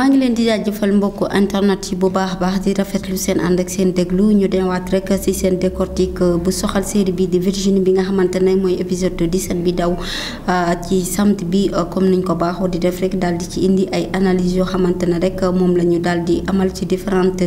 ma ngi leen di jaajëfal mbokku internet yi bu baax baax di rafetlu seen ànd ak seen déglu ñu dewaat rek si seen décortique bu soxal série bi di Virginie bi nga xamante ne épisode 17 bi daw euh, ci samedi bi euh, comme niñ ko baaxoo di def rek daal di ci indi ay analyse yoo xamante ne rek moom la ñu daal di amal ci différentes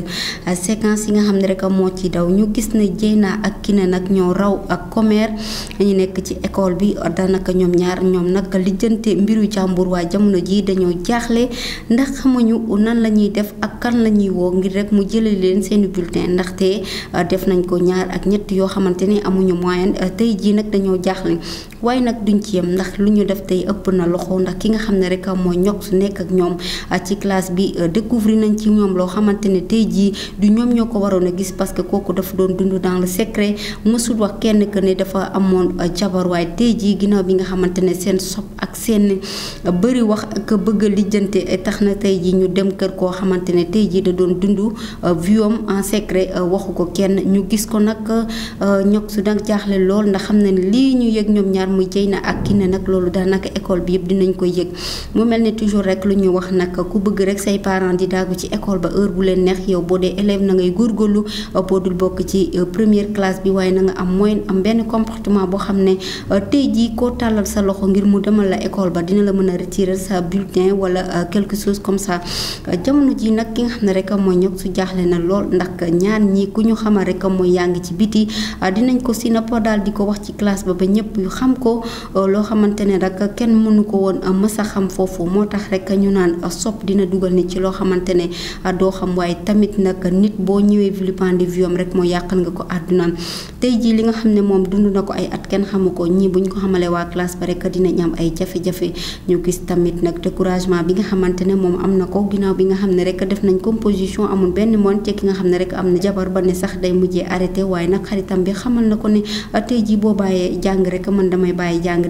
euh, séquences yi nga xam ne rek moo ci daw ñu gis ne Dieyna ak Kiné nag ñoo raw ak Comer ñu nekk ci école bi daanaka ñoom ñaar ñoom nag lijjante mbiru waa jamono ji dañoo jaaxle ndax xamuñu nan la ñuy def ak kan la ñuy woo ngir rek mu jëlee leen seeni bulletin ndaxte euh, def nañ ko ñaar ak ñett yoo xamante ni amuñu moyen euh, tey jii nag dañoo jaaxle waaye nag duñ ci yem ndax lu ñu def tey ëpp na loxo ndax ki nga xam ne rek mooy ñokk su nekk ak ñoom euh, ci classe bi découvrir nañ ci ñoom loo xamante ne tey jii du ñoom ñoo ko waroon a gis parce que kooku dafa doon dund dans le secret mësul wax kenn que ne dafa amoon jabar waaye tey jii ginnaaw bi nga xamante ne seen sob ak seen bëri wax ak bëgg lijjante tax na tey jii ñu dem kër koo xamante ne tey jii da doon dundu euh, viom en secret euh, waxu ko kenn ñu gis ko nag euh, ñoog su dang jaaxle lool ndax xam ne lii ñu yëg ñoom ñaar mu jëy na ak ki ne nag loolu daanaka école bi yëpp dinañ koy yëg mu mel ne toujours rek lu ñu wax nag ku bëgg rek say parents di daagu ci école ba heure bu leen neex yow boo dee élève na ngay góorgóorlu boo dul bokk ci première classe bi waaye na nga am moyen am benn comportement boo xam ne tey jii koo tàllal sa loxo ngir mu demal la école ba dina la mën a retirer sa bulletin wala quelque chose comme ça jamono ji nag ki nga xam ne rek mooy ñog su jaaxle na lool ndax ñaan ñi ku ñu xamal rek mooy yaa ngi ci biti ah, dinañ ko si napp daal di ko wax ci classe ba ba ñëpp yu xam ko ah, loo xamante ne rek kenn mënu ko woon ah, mës a xam foofu moo tax rek ñu naan sopp dina dugal nit ci loo xamante ne doo xam waaye tamit nag nit boo ñëwee vilipende de viom rek moo yàqal nga ko àdduna tey jii li nga xam ne moom dund na ko ay at kenn xamu ko ñii bu ñu ko xamalee waa classe ba rek dinañ am ay jafe-jafe ñu gis tamit nag découragement bi nga xamante ne moom am na na ko ginnaaw bi nga xam ne rek def nañ composition amul benn moon ci ki nga xam ne rek am na jabar ba ne sax day mujjee arrêté waaye nag xaritam bi xamal na ko ne tey ji boo bàyyee jàng rek man damay bàyyi jàng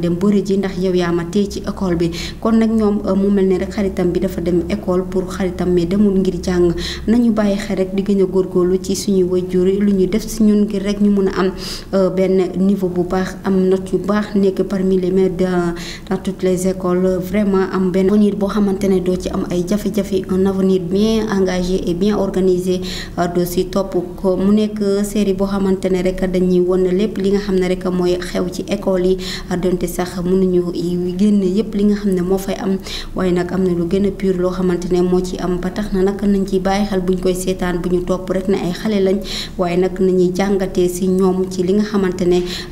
ma tey ci bi kon nag ñoom euh, mu mel ne rek xaritam bi dafa dem école pour xaritam mais demul ngir jàng nañu bàyyi xel rek di gën a góorgóorlu ci suñuy wajur lu ñu def si ñun ngir rek ñu mun a am euh, benn niveau bu baax am note yu baax nekk parmi les meilleurs dans toutes les écoles vraiment am benn avenir boo xamante ne doo ci am ay jafe jafe-jafe un avenir bien engagé et bien organisé euh, doo si topp ko mu nek série bo xamante rek dañuy won lépp li nga xam rek moy xew ci école yi euh, donte sax ñu génne yépp li nga xam mo fay am way nak amna lu gën pure lo loo mo ci am ba tax na nag nañ ci bàyyi xal buñ koy sétane buñu top rek na ay xalé lañ waaye nag nañuy jangaté ci ñom ci li nga xamante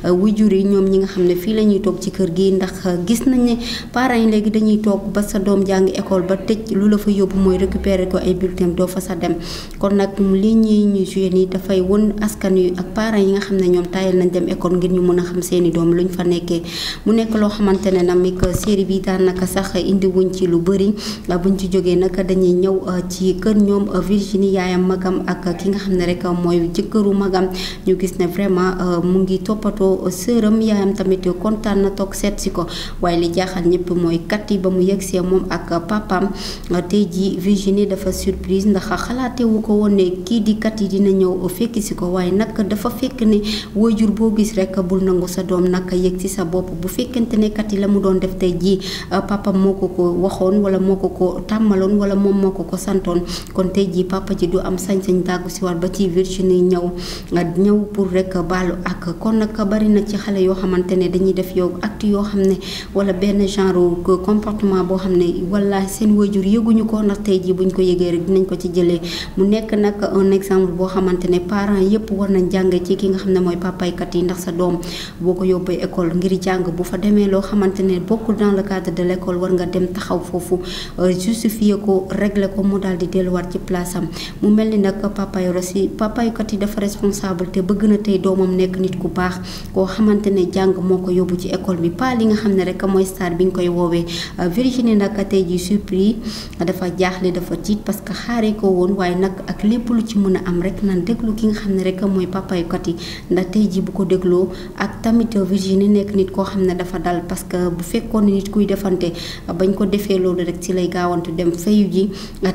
euh, wujuri ñom ñi nga xam fi lañuy la ci kër gi ndax gis nañ ne parents yi léegi dañuy toog ba sa dom jang école ba tëj lu la fa yóbbu mooy récupérer ko ay bulletins doo fa sa dem kon nag lii ñuy ñu joué nii dafay won askan yu ak parents yi nga xam ne ñoom taayal nañ dem école ngir ñu mën a xam seeni doom luñ fa nekkee mu nekk loo xamante ne nag mi que série bi daanaka sax indiwuñ wuñ ci lu bëri buñ ci jógee nag dañuy ñëw euh, ci kër ñoom euh, Virginie yaayam magam ak ki nga xam ne rek mooy jëkkëru magam ñu gis ne vraiment euh, mu ngi toppatoo sëram yaayam tamit kontaan na toog seet si ko waaye li jaaxal ñëpp mooy kat yi ba mu yegsee moom ak papaam tey jii Virginie dafa surprise ndax xalaateewu ko woon ne kii di kat yi dina ñëw fekk si ko waaye nag dafa fekk ne waajur boo gis rek bul nangu sa doom nag yëg ci sa bopp bu fekkente ne kat yi la mu doon def tey jii euh, papa moo ko ko waxoon wala moo ko ko tàmmaloon wala moom moo ko ko santoon kon tey jii papa ji du am sañ-sañ dàggu si waat ba ci Virginie ñëw euh, ñëw pour rek baalu ak kon nag bari na ci xale yoo xamante ne dañuy def yow acte yoo xam ne wala benn genre comportement boo xam ne wala seen waajur xamuñu ko ndax tey jii buñ ko yëgee rek dinañ ko ci jëlee mu nekk nag un exemple boo xamante ne parents yëpp war nañ jàng ki nga xam ne mooy papaykat yi ndax sa doom boo ko yóbbee école ngir jàng bu fa demee loo xamante ne bokkul dans le cadre de l' école war nga dem taxaw foofu euh, justifier ko regle ko mu dal di delluwaat ci place am mu mel ni nag papa yoro si papaykat yi dafa responsable te bëgg na tey doomam nekk nit ku baax koo xamante ne jàng moo ko yóbbu ci école bi pa li nga xam ne rek mooy star bi ñu koy woowee euh, Virginie nag tey jii surpris dafa jaaxle dafa tiit parce que xaaree ko won waye nak ak lepp lu ci mëna am rek nan deglu ki nga xam ne rek mooy papaykat yi ndax tay ji bu ko dégloo ak tamit Virginie nek nit ko xam dafa dal parce que bu fekkone nit kuy defante bañ ko defee lolu rek ci lay gaawantu dem feyu ji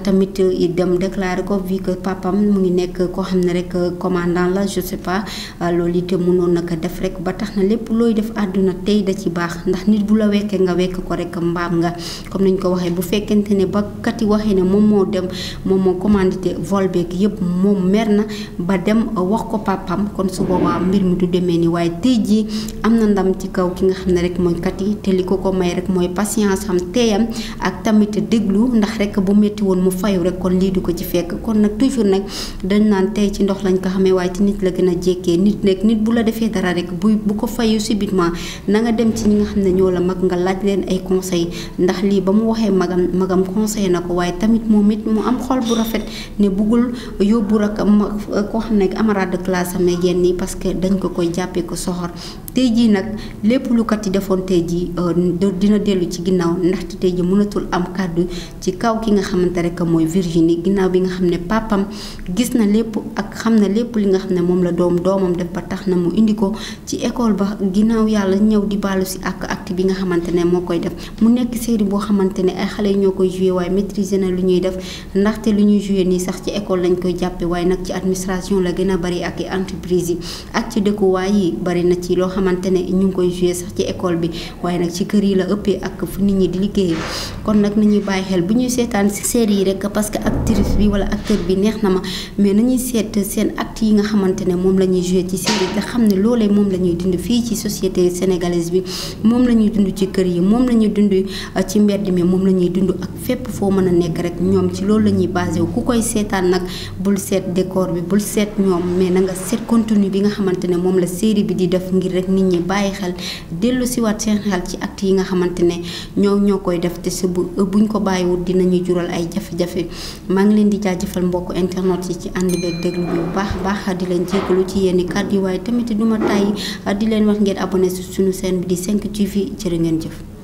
tamit dem déclarer ko vu que papa mu ngi nek ko xam rek commandant la je sais pas lolu it mëno na def rek ba tax na lépp def aduna tay da ci bax ndax nit bu la wéké nga ko rek mbam nga comme niñ ko waxé bu fekkente ne bak kat yi waxee ne moom moo dem moom moo commandité vol beeg yëpp moom mer na ba dem wax ko papam kon su boobaa mbir mi du demee ni waaye tey jii am na ndam ci kaw ki nga xam ne rek mooy yi te li ko ko may rek mooy patience am teeyam ak tamit déglu ndax rek bu métti woon mu fayu rek kon lii du ko ci fekk kon nag toujours nag dañ naan tey ci ndox lañ ko xamee waaye ci nit la gën a jékkee nit nekk nit bu la defee dara rek bu bu ko fayu subitement na nga dem ci ñi nga xam ne ñoo la mag nga laaj leen ay conseil ndax lii ba mu waxee magam magam conseil na na waaye tamit moom it mu am xol bu rafet ne buggul yóbbu rek koo xam ne camarade de classe amee yenn yi parce que dañ ko koy jàppee ko soxor tey jii nag lépp lu kat yi defoon tey jii euh, dina dellu ci ginnaaw ndaxte tey jii mënatul am kàddu ci kaw ki nga xamante rek mooy Virginie ginnaaw bi nga xam ne papam gis na lépp ak xam na lépp li nga xam ne moom la doom doomam def ba tax na mu indi ko ci école ba ginnaaw yàlla ñëw di baalu si ak acte bi nga xamante ne moo koy def mu nekk série boo xamante ne ay xale ñoo koy joué waaye maîtriser na lu ñuy def ndaxte lu ñuy joué nii sax ci école lañ koy jàppe waaye nag ci administration la gën a bari ak entreprise yi ak ci dëkkuwaay yi bari na ci loo xam xamante ne ñu ngi koy joué sax ci école bi waaye nag ci kër yi la ëppee ak fu nit ñi di liggéey kon nag nañuy bàyyi xel bu ñuy seetaan si série yi rek parce que actrice bi wala acteur bi neex na ma mais na nañuy seet seen acte yi nga xamante ne moom la ñuy joué ci série xam ne loolee moom la ñuy dund fii ci société sénégalaise bi moom la ñuy dund ci kër yi moom la ñuy dund euh, ci mbedd mi moom la ñuy dund ak fépp foo mën a nekk rek ñoom ci loolu la ñuy basé wu ku koy seetaan nag bul seet décor bi bul seet ñoom mais na bi nga xamante ne moom la série bi di def ngir rek rek nit ñi bàyyi xel dellu siwaat seen xel ci acte yi nga xamante ne ñoo ñoo koy def te si bu buñ ko bàyyiwul dinañu jural ay jafe-jafe maa ngi leen di jaajëfal mbokk internet yi ci ànd beeg déglu bu baax baax di leen jégalu ci yenn kàddu yi waaye tamit duma tàyyi di leen wax ngeen abonné si suñu chaîne bi di 5 TV jërë ngeen jëf